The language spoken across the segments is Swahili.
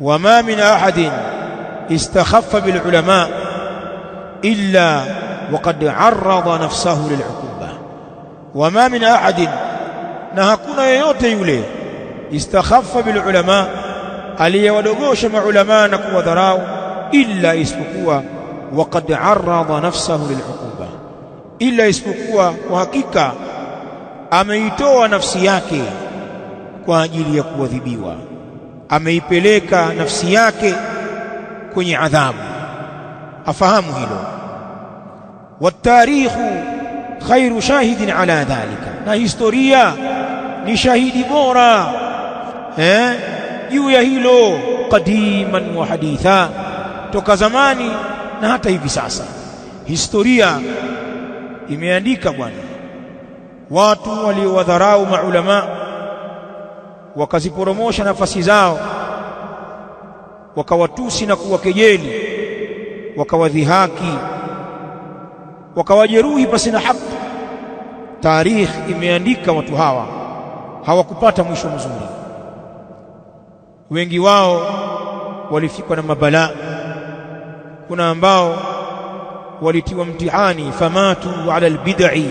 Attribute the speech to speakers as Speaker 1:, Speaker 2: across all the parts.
Speaker 1: وما من ahadin استخف بالعلماء ulama وقد عرض نفسه nafsahu وما من wama نهكون ahadin, na استخف بالعلماء yule istakhaffa bil ulama, aliyewadogosha maulamaa na kuwadharau, illa isipokuwa waqad arada nafsahu lil uquba, illa isipokuwa kwa hakika ameitoa nafsi yake kwa ajili ya kuadhibiwa ameipeleka nafsi yake kwenye adhabu, afahamu hilo. Watarikhu khairu shahidin ala dhalika, na historia ni shahidi bora eh, juu ya hilo. Qadiman wa haditha, toka zamani na hata hivi sasa historia imeandika bwana watu waliowadharau maulamaa wakaziporomosha nafasi zao, wakawatusi na kuwakejeli, wakawadhihaki, wakawajeruhi pasi na haki. Tarikhi imeandika watu hawa hawakupata mwisho mzuri. Wengi wao walifikwa na mabala kuna ambao walitiwa mtihani famatu ala albid'i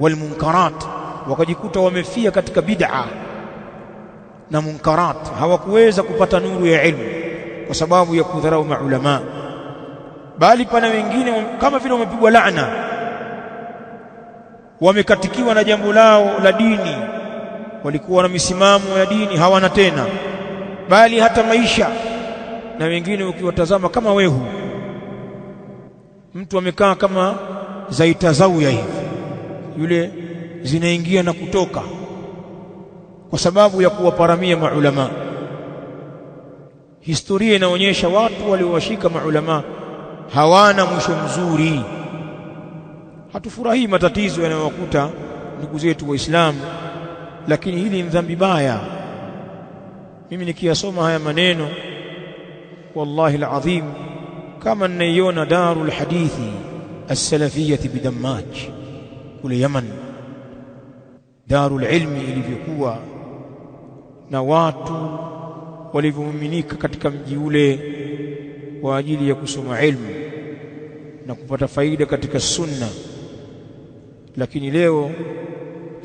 Speaker 1: walmunkarat wakajikuta wamefia katika bid'a na munkarat, hawakuweza kupata nuru ya ilmu kwa sababu ya kudharau maulama bali pana wengine kama vile wamepigwa laana, wamekatikiwa na jambo lao la dini. Walikuwa na misimamo ya dini, hawana tena, bali hata maisha. Na wengine ukiwatazama kama wehu, mtu amekaa kama zaitazauya zauya hivi yule zinaingia na kutoka kwa sababu ya kuwaparamia maulama. Historia inaonyesha watu waliowashika maulama hawana mwisho mzuri. Hatufurahii matatizo yanayowakuta ndugu zetu Waislamu, lakini hili ni dhambi baya. Mimi nikiyasoma haya maneno, wallahi alazim, kama ninaiona Darul Hadithi Alsalafiyati Bidammaj kule Yaman darul ilmi ilivyokuwa na watu walivyomiminika katika mji ule kwa ajili ya kusoma ilmu na kupata faida katika sunna. Lakini leo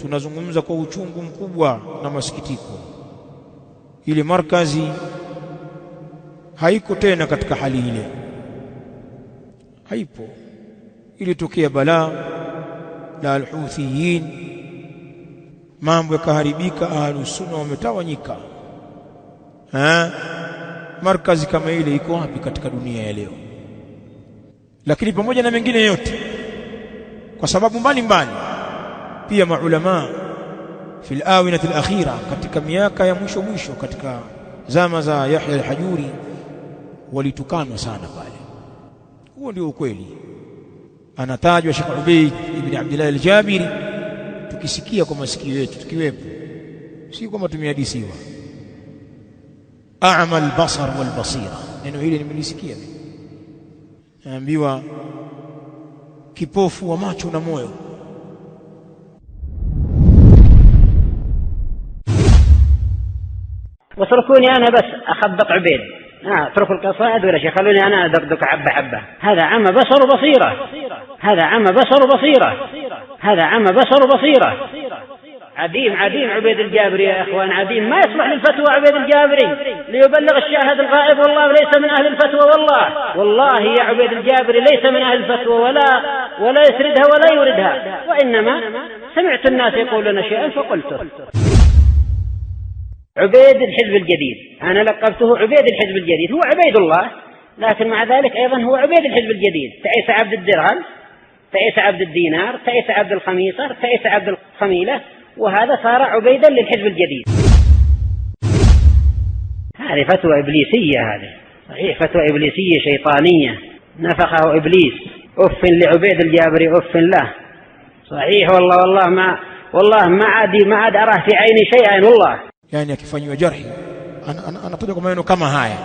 Speaker 1: tunazungumza kwa uchungu mkubwa na masikitiko, ile markazi haiko tena katika hali ile, haipo. Ilitokea balaa la alhuthiyin mambo yakaharibika, ahlusunna wametawanyika. Markazi kama ile iko wapi katika dunia ya leo? Lakini pamoja na mengine yote, kwa sababu mbalimbali mbali, pia maulamaa fi lawinati lakhira, katika miaka ya mwisho mwisho, katika zama za Yahya alhajuri walitukanwa sana pale. Huo ndio ukweli. Anatajwa Sheikh Ubaid ibn Abdullah al tukisikia kwa masikio yetu tukiwepo, si kwamba tumehadisiwa. A'ma al-basar wal-basira, neno hili nimelisikia, naambiwa kipofu wa macho na moyo.
Speaker 2: واتركوني أنا بس أخبط عبيد آه اتركوا القصائد ولا شيء خلوني أنا أدقدق حبة حبة هذا عمى بصر وبصيرة هذا عمى بصر وبصيرة هذا عمى بصر وبصيرة عديم عديم عبيد الجابري يا إخوان عديم ما يصلح للفتوى عبيد الجابري ليبلغ الشاهد الغائب والله ليس من أهل الفتوى والله والله يا عبيد الجابري ليس من أهل الفتوى ولا ولا يسردها ولا يردها وإنما سمعت الناس يقولون شيئا فقلته عبيد الحزب الجديد أنا لقبته عبيد الحزب الجديد هو عبيد الله لكن مع ذلك أيضا هو عبيد الحزب الجديد تعيس عبد الدرهم فئس عبد الدينار فئس عبد الخميصة فئس عبد الخميلة وهذا صار عبيدا للحزب الجديد هذه فتوى إبليسية هذه صحيح فتوى إبليسية شيطانية نفخه إبليس أف لعبيد الجابري أف له صحيح والله والله ما والله ما عاد ما عاد أراه في عيني شيئا والله
Speaker 1: يعني أنا أنا أنا kwa لكم kama haya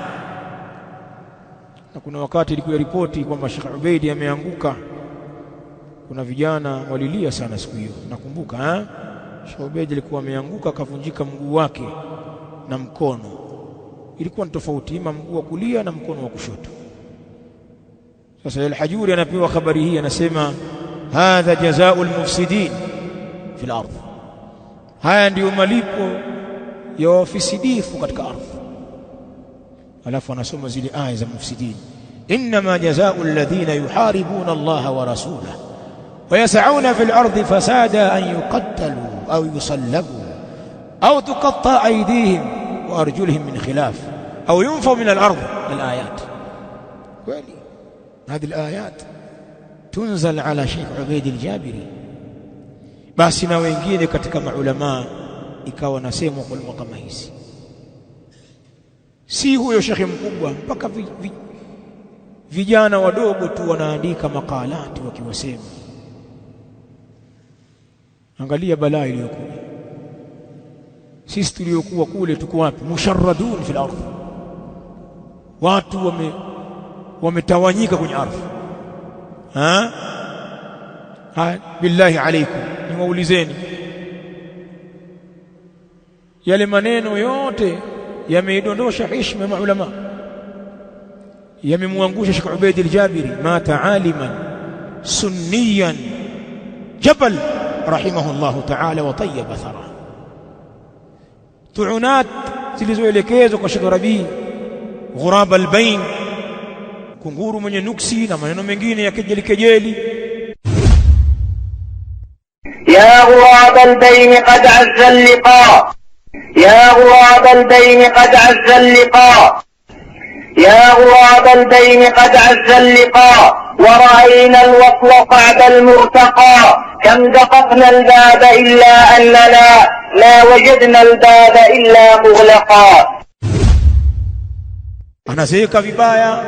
Speaker 1: na kuna wakati ilikuwa ripoti kwamba Sheikh Ubeidi ameanguka kuna vijana walilia sana siku hiyo, nakumbuka eh? Sheikh Ubeid alikuwa ameanguka akavunjika mguu wake na mkono, ilikuwa ni tofauti, ima mguu wa kulia na mkono wa kushoto. Sasa al anapewa habari hii, anasema hadha jazau lmufsidin fi lardhi haya ndiyo malipo ya wafisidifu katika ardhi. Alafu anasoma zile aya za mufsidin, innama jazau alladhina yuharibuna allaha wa rasulahu ويسعون في الأرض فسادا أن يقتلوا أو يصلبوا أو تقطع أيديهم وأرجلهم من خلاف أو ينفوا من الأرض الآيات ولي هذه الآيات تنزل على شيخ عبيد الجابري بس ما وينجين كتك مع علماء إكاو نسيم وقل مقميس سيهو يا شيخ مقوبة بك في في جانا ودوبت وناديك مقالات وكي وسيمه Angalia balaa iliyokuja. Sisi tuliokuwa kule tuko wapi? Musharradun fil ardh, watu wame wametawanyika kwenye ardhi. Ha, billahi alaikum, niwaulizeni yale maneno yote yameidondosha heshima ya maulama, yamemwangusha Sheikh Ubaid al-Jabiri, mata aliman sunniyan jabal رحمه الله تعالى وطيب ثرى تعونات تلزو إليكيز وقشد ربي غراب البين كنغور من ينكسي نما ينمجين يكجل كجيلي
Speaker 3: يا غراب البين قد عز اللقاء يا غراب البين قد عز اللقاء يا غراب البين قد عز اللقاء ورأينا الوصل قعد المرتقى كم دققنا الباب إلا أننا لا وجدنا الباب إلا مغلقا
Speaker 1: anaseweka vibaya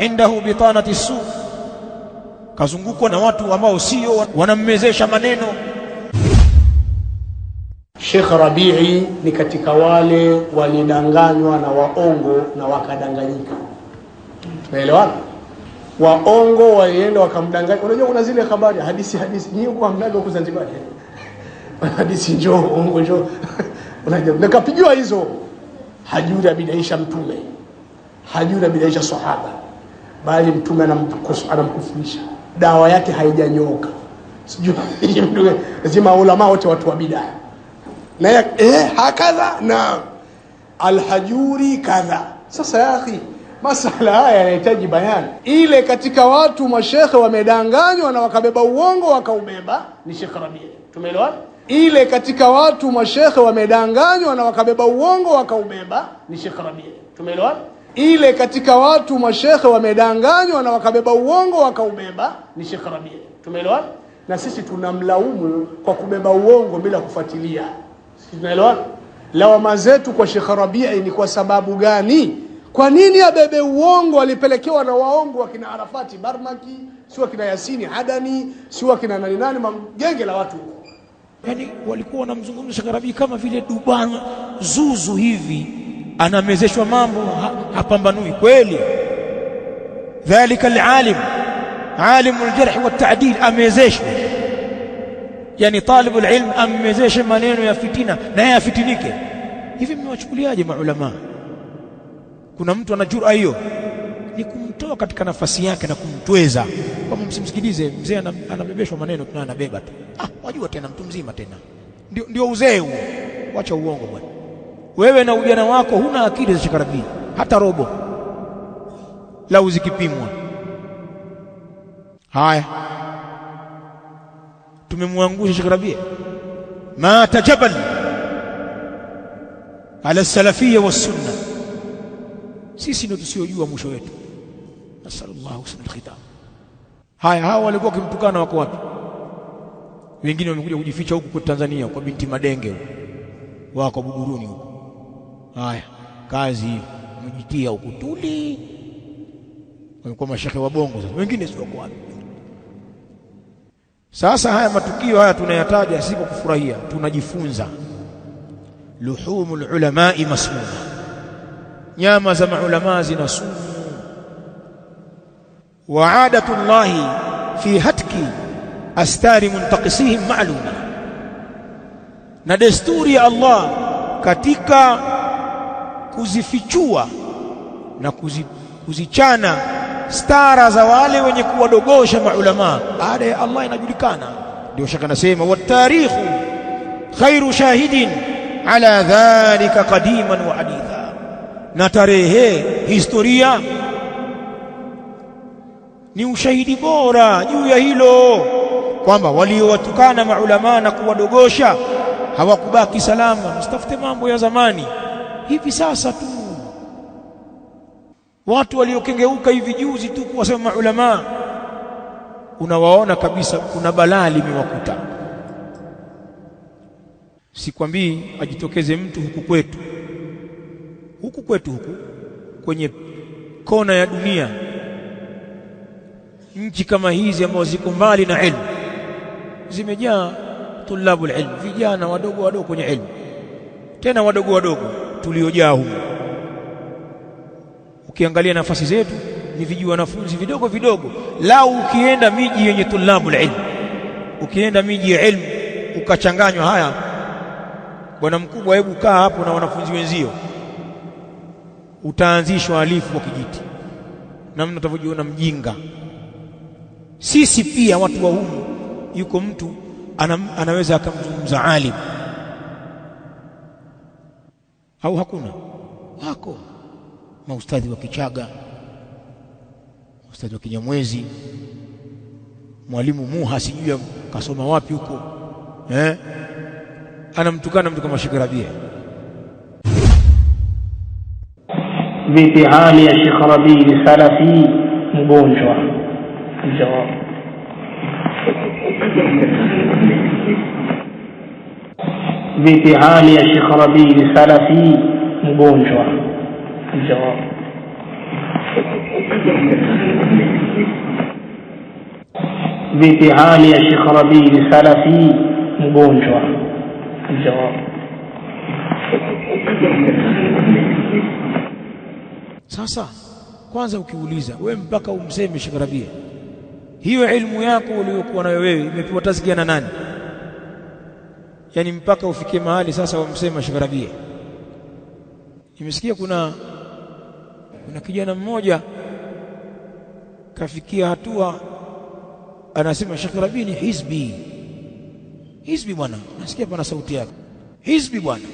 Speaker 1: عنده بطانة السوء kazungukwa na watu ambao sio wanammezesha maneno
Speaker 4: Sheikh Rabii ni katika wale walidanganywa na waongo na wakadanganyika. Mm. waongo walienda wakamdanganya. Unajua kuna zile habari hadisi hadisi nyinyi kwa mnaga huko Zanzibar hadisi njoo ongo njoo unajua, hizo, hajuri abidaisha mtume, hajuri abidaisha sahaba, bali mtume anamkufurisha, dawa yake haijanyoka. Sijui mtume lazima ulama wote watu wa bidaa na eh, hakadha na alhajuri kadha. Sasa ya akhi Masala haya yanahitaji bayani. Ile katika watu mashekhe wamedanganywa na wakabeba uongo wakaubeba ni Sheikh Rabia, tumeelewana? Ile katika watu mashekhe wamedanganywa na wakabeba uongo wakaubeba ni Sheikh Rabia, tumeelewana? Ile katika watu mashekhe wamedanganywa na wakabeba uongo wakaubeba ni Sheikh Rabia, tumeelewana? Na sisi tunamlaumu kwa kubeba uongo bila kufuatilia, sisi Lawama zetu kwa Sheikh Rabia ni kwa sababu gani? Kwa nini abebe uongo? Alipelekewa na waongo wakina Arafati Barmaki, si wakina Yasini Adani, si wakina nani nani, magenge la watu huko.
Speaker 1: Yani walikuwa wanamzungumza Shangarabii kama vile dubana zuzu hivi, anamezeshwa mambo hapambanui kweli. Dhalika alalim alimu aljarh waltadil amezeshwa yani talibu alilm amezeshe maneno ya fitina na yeye afitinike. Hivi mmewachukuliaje maulamaa? Kuna mtu ana jura hiyo, ni kumtoa katika nafasi yake na kumtweza kwamba msimsikilize mzee, anabebeshwa maneno tunayo, anabeba tu. Ah, wajua tena mtu mzima tena, ndio, ndio uzee huo. Wacha uongo bwana, wewe na ujana wako huna akili za shakarabii hata robo, lau zikipimwa. Haya, tumemwangusha Shakarabia mata tajabal ala salafia wassunna sisi ndio tusiojua mwisho wetu. Nasallallahu alaihi wasallam. Haya, hawa walikuwa wakimtukana wako wapi? Wengine wamekuja kujificha huku kwa Tanzania, kwa binti Madenge wako Buguruni huko. Haya, kazi mjitia huku tuli, walikuwa mashekhe wa bongo. Sasa wengine si wako wapi? Sasa haya matukio haya tunayataja si kwa kufurahia, tunajifunza. Luhumul ulamai masmuma nyama za maulamaa zina sumu. Wa adatu llahi fi hatki astari muntakisihim maaluma, na desturi ya Allah katika kuzifichua na kuzichana stara za wale wenye kuwadogosha maulamaa, ada ya Allah inajulikana. Ndio shaka nasema watarikhu khairu shahidin ala dhalika qadiman wa haditha na tarehe. Historia ni ushahidi bora juu ya hilo kwamba waliowatukana maulamaa na kuwadogosha hawakubaki salama. Msitafute mambo ya zamani, hivi sasa tu watu waliokengeuka hivi juzi tu kuwasema maulamaa, unawaona kabisa kuna balaa limewakuta. Sikwambii ajitokeze mtu huku kwetu huku kwetu huku kwenye kona ya dunia, nchi kama hizi ambazo ziko mbali na elimu zimejaa tulabu ilmu, vijana wadogo wadogo kwenye elimu tena wadogo wadogo tuliojaa humu. Ukiangalia nafasi zetu ni viji wanafunzi vidogo vidogo. Lau ukienda miji yenye tulabu ilmu, ukienda miji ya elimu ukachanganywa, haya bwana mkubwa, hebu kaa hapo na wanafunzi wenzio utaanzishwa alifu kwa kijiti, namna utavyojiona mjinga. Sisi pia watu wa humu, yuko mtu ana, anaweza akamzungumza alim au hakuna? Wako maustadhi wa Kichaga, maustadhi wa Kinyamwezi, mwalimu Muha sijui kasoma wapi huko eh? Anamtukana mtu kama Sheikh Rabia
Speaker 3: vipi hali ya Sheikh Rabii Salafi mgonjwa? Jawabu, vipi hali ya Sheikh Rabii Salafi mgonjwa? Jawabu, vipi hali ya Sheikh Rabii Salafi mgonjwa? Jawabu
Speaker 1: sasa kwanza ukiuliza we mpaka umseme Sheikh Rabia, hiyo ilmu yako uliyokuwa nayo wewe imepewa tazkia na nani? Yaani mpaka ufikie mahali sasa wamsema Sheikh Rabia. Nimesikia kuna kuna kijana mmoja kafikia hatua anasema Sheikh Rabia ni hizbi. Hizbi bwana, nasikia pana sauti yake hizbi bwana.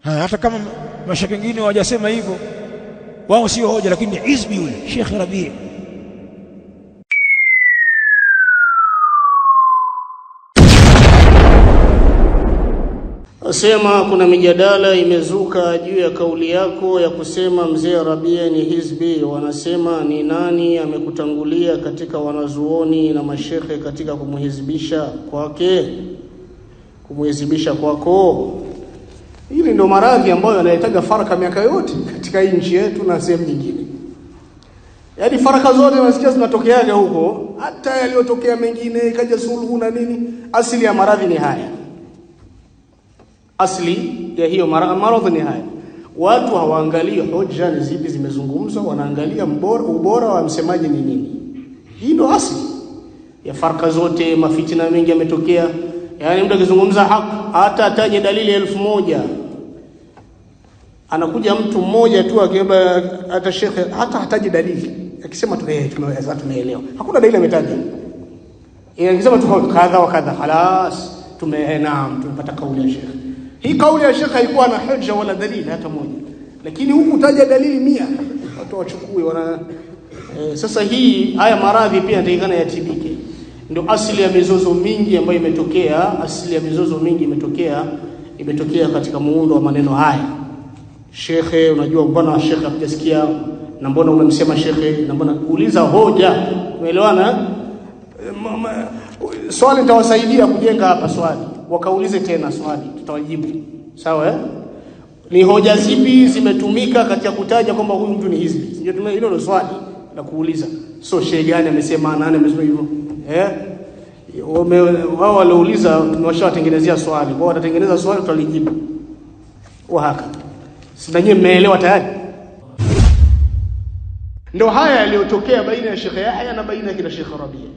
Speaker 1: Ha, hata kama mashaka wengine hawajasema hivyo wao sio hoja, lakini ni yule Sheikh Rabi
Speaker 5: asema kuna mijadala imezuka juu ya kauli yako ya kusema mzee Rabia ni hizbi. Wanasema ni nani amekutangulia katika wanazuoni na mashehe katika kumuhizibisha kwake, kumuhizibisha kwako?
Speaker 1: Hili ndio maradhi ambayo yanahitaga faraka miaka yote katika hii nchi yetu na sehemu nyingine. Yaani faraka zote unasikia zinatokeaga huko, hata yaliyotokea mengine ikaja suluhu na nini. Asili ya maradhi ni haya, asili ya hiyo maradhi ni haya. Watu hawaangalii hoja ni zipi zimezungumzwa, wanaangalia mbora, ubora wa msemaji ni nini. Hii ndio asili ya faraka zote. Mafitina mengi yametokea, yaani mtu akizungumza haki hata ataje dalili elfu moja Anakuja mtu mmoja tu akiomba, hata shekhe hata hataji dalili, akisema tu eh, tumeweza tumeelewa, hakuna dalili ametaja. Akisema tu kadha wa kadha, halas, tumeena eh, naam, tumepata kauli ya shekhe. Hii kauli ya shekhe haikuwa na hujja wala dalili hata moja, lakini huku taja dalili mia, watu wachukue wana e. Sasa hii haya maradhi pia yanatakikana yatibike, ndio asili ya mizozo mingi ambayo imetokea. Asili ya mizozo mingi imetokea imetokea katika muundo wa maneno haya. Shekhe, unajua mbona shekhe hakujasikia na mbona umemsema shekhe na mbona uliza hoja. Umeelewana? Eh? Swali nitawasaidia kujenga hapa swali, wakaulize tena swali, tutawajibu sawa eh? Ni hoja zipi zimetumika katika kutaja kwamba huyu mtu ni hizi? Ndio tume hilo swali la kuuliza, so shehe gani amesema nani amesema hivyo eh? Wao waliouliza tumewashawatengenezea swali, wao watatengeneza swali tutalijibu, wahaka Sinanyie mmeelewa tayari? Ndio haya yaliyotokea baina ya Sheikh Yahya na baina ya kina Sheikh Rabia.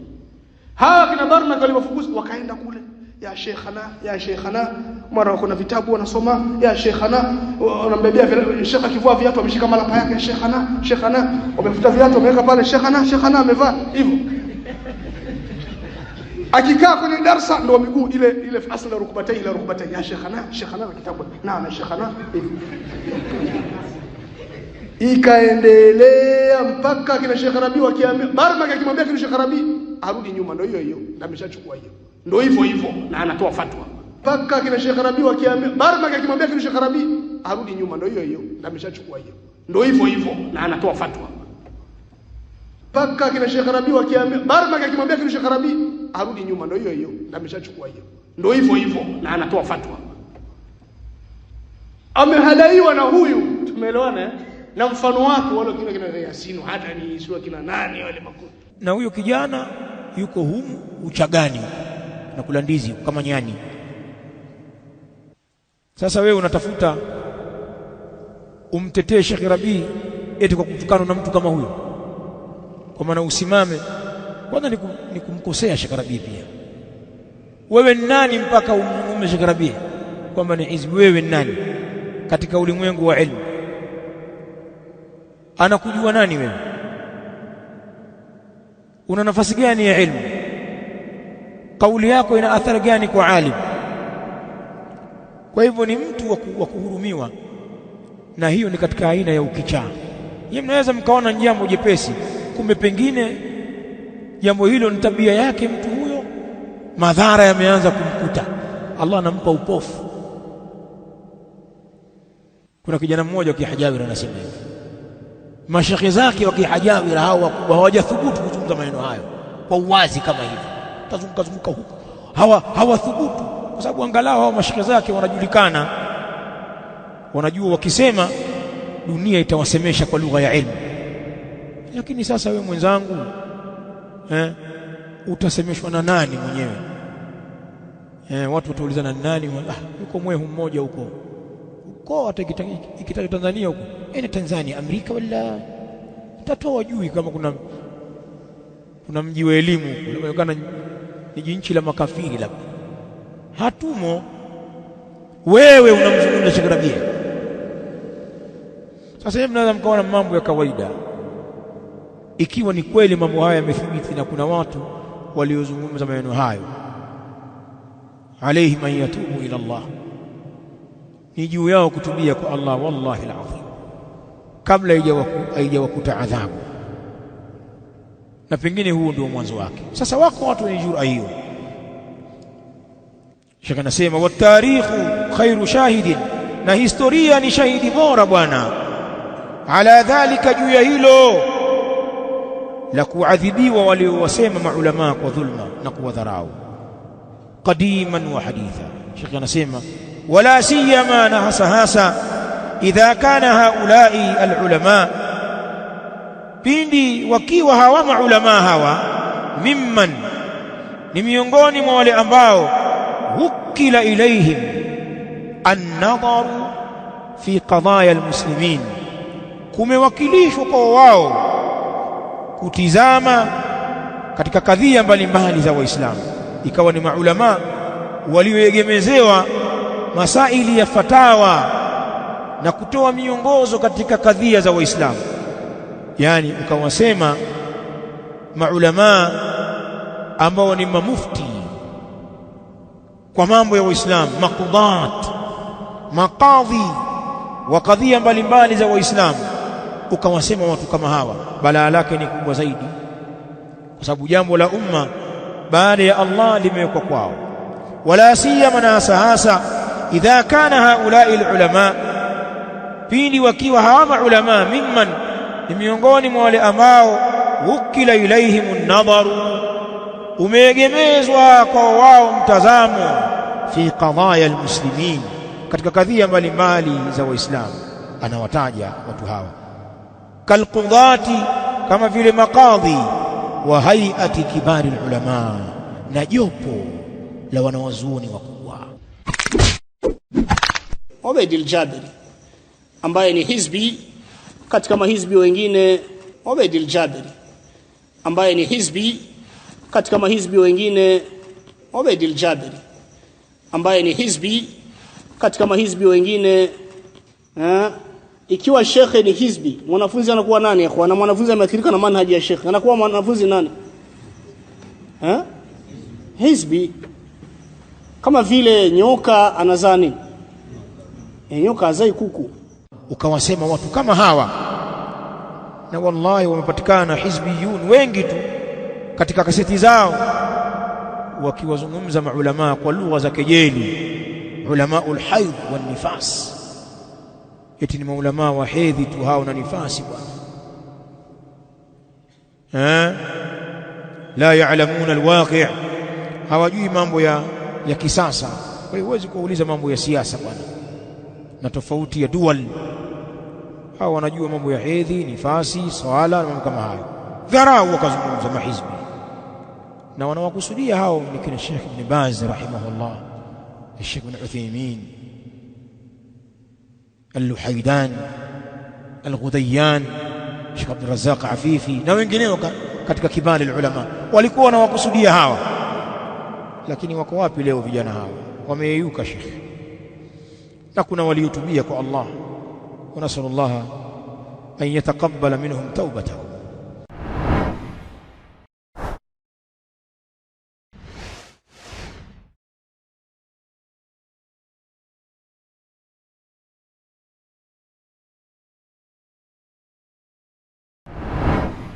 Speaker 1: Hawa kina Barnak waliwafukuza wakaenda kule ya sheikhana ya sheikhana, mara kuna vitabu wanasoma ya sheikhana, wanambebea sheikh akivua viatu ameshika malapa yake sheikhana sheikhana, wamefuta viatu wameweka pale sheikhana sheikhana, amevaa hivyo akikaa kwenye darsa ndo miguu ile ile asla rukbatai ila rukbatai ya shekhana shekhana kitabu na na shekhana ikaendelea mpaka kina Sheikh Rabi wakiambia barma akimwambia kina Sheikh Rabi arudi nyuma, ndio hiyo hiyo na ameshachukua hiyo, ndio hivyo hivyo na anatoa fatwa mpaka kina Sheikh Rabi wakiambia barma akimwambia kina Sheikh Rabi arudi nyuma, ndio hiyo hiyo na ameshachukua hiyo, ndio hivyo hivyo na anatoa fatwa mpaka kina Sheikh Rabi wakiambia Barmak akimwambia kina Sheikh Rabi arudi nyuma, ndio hiyo hiyo, na ameshachukua hiyo, ndio hivyo hivyo, na anatoa fatwa. Amehadaiwa na huyu, tumeelewana eh? na mfano wake, wale kina kina Yasinu hata ni sio kina nani wale makundi. Na huyo kijana yuko humu uchagani na kula ndizi kama nyani. Sasa wewe unatafuta umtetee Sheikh Rabi eti kwa kutukana na mtu kama huyo kwa maana usimame kwanza ni kumkosea Shekarabii pia. Wewe ni nani mpaka umume Shekarabii kwamba ni hizbi? Wewe ni nani katika ulimwengu wa ilmu? Anakujua nani wewe? Una nafasi gani ya ilmu? Kauli yako ina athari gani kwa alim? Kwa hivyo ni mtu wa kuhurumiwa, na hiyo ni katika aina ya ukichaa. Yeye mnaweza mkaona njia jambo jepesi kumbe pengine jambo hilo ni tabia yake mtu huyo, madhara yameanza kumkuta. Allah anampa upofu. Kuna kijana mmoja wa Kihajawira anasema hivi, mashekhe zake wa Kihajawira hao wakubwa hawajathubutu kuzungumza maneno hayo kwa uwazi kama hivi, zunguka huko, hawathubutu kwa sababu angalau hao mashekhe zake wanajulikana, wanajua wakisema dunia itawasemesha kwa lugha ya ilmu. Lakini sasa we mwenzangu eh, utasemeshwa na nani mwenyewe eh? Watu wataulizana nani? Ah, yuko mwehu mmoja huko huko, hata ikitaka Tanzania huko ene yaani Tanzania, Amerika wala tatoa, wajui kama kuna kuna mji wa elimu unaonekana ni nchi la makafiri, labda hatumo. Wewe unamzungumza Sheikh Rabia. Sasa hivi mnaweza mkaona mambo ya kawaida ikiwa ni kweli mambo haya yamethibiti na kuna watu waliozungumza maneno hayo, alaihim an yatubu ila Allah, ni juu yao kutubia kwa Allah. Wallahi alazim, kabla haijawakuta adhabu, na pengine huo ndio mwanzo wake. Sasa wako watu wenye jura hiyo. Shekh anasema watarikhu khairu shahidin, na historia ni shahidi bora bwana. Ala dhalika, juu ya hilo la kuadhibiwa waliowasema maulamaa kwa dhulma na kuwadharau qadiman wa haditha shekhi anasema wala siyama na hasa hasa idha kana haulai alulama pindi wakiwa hawa maulamaa hawa mimman ni miongoni mwa wale ambao wukila ilaihim annadharu fi qadaya almuslimin kumewakilishwa kwa wao kutizama katika kadhia mbalimbali za Waislamu, ikawa ni maulama walioegemezewa masaili ya fatawa na kutoa miongozo katika kadhia za Waislamu, yaani ukawasema maulamaa ambao ni mamufti kwa mambo ya Waislamu, maqudat, makadhi wa kadhia mbalimbali za Waislamu ukawasema watu kama hawa, balaa lake ni kubwa zaidi, kwa sababu jambo la umma baada ya Allah limewekwa kwao, wala siyama na hasa hasa idha kana haulai lulamaa, pindi wakiwa hawa maulamaa, mimman ni miongoni mwa wale ambao wukila ilaihim an-nadharu, umeegemezwa kwa wao mtazamo, fi qadaya almuslimin, katika kadhia mbalimbali za Waislamu. Anawataja watu hawa kalqudhati, kama vile maqadhi wa hayati kibari ulama, na jopo la wanawazuoni wakubwa.
Speaker 2: obed al jabri ambaye ni hizbi katika mahizbi wengine, obed al jabri ambaye ni hizbi katika mahizbi wengine, obed al jabri ambaye ni hizbi katika mahizbi wengine eh? Ikiwa shekhe ni hizbi, mwanafunzi anakuwa nani ikhwan? Na mwanafunzi ameathirika na manhaji ya shekhe, anakuwa mwanafunzi nani? Ha? Hizbi. Kama vile nyoka anazaa nini? E, nyoka azai kuku.
Speaker 1: Ukawasema watu kama hawa, na wallahi wamepatikana hizbiyun wengi tu katika kaseti zao wakiwazungumza maulamaa kwa lugha za kejeli, ulamau lhaidh wannifas eti ni maulama wa hedhi tu hao na nifasi bwana la yaalamuna alwaqi' hawajui mambo ya ya kisasa kwa hiyo huwezi kuuliza mambo ya siasa bwana na tofauti ya dual hao wanajua mambo ya hedhi nifasi swala na mambo kama hayo dharau wakazungumza mahizbi na wanawakusudia hao ni kina Sheikh Ibn Baz rahimahullah Sheikh Ibn Uthaymeen al-Luhaydani al-Ghudhayyan Sheikh Abdul Razzaq Afifi na wengineo katika kibali ulama walikuwa na wakusudia hawa, lakini wako wapi leo vijana hawa? Wameyeyuka Sheikh, na kuna waliotubia kwa Allah. Wa nasallallahu an yataqabbala minhum tawbatahum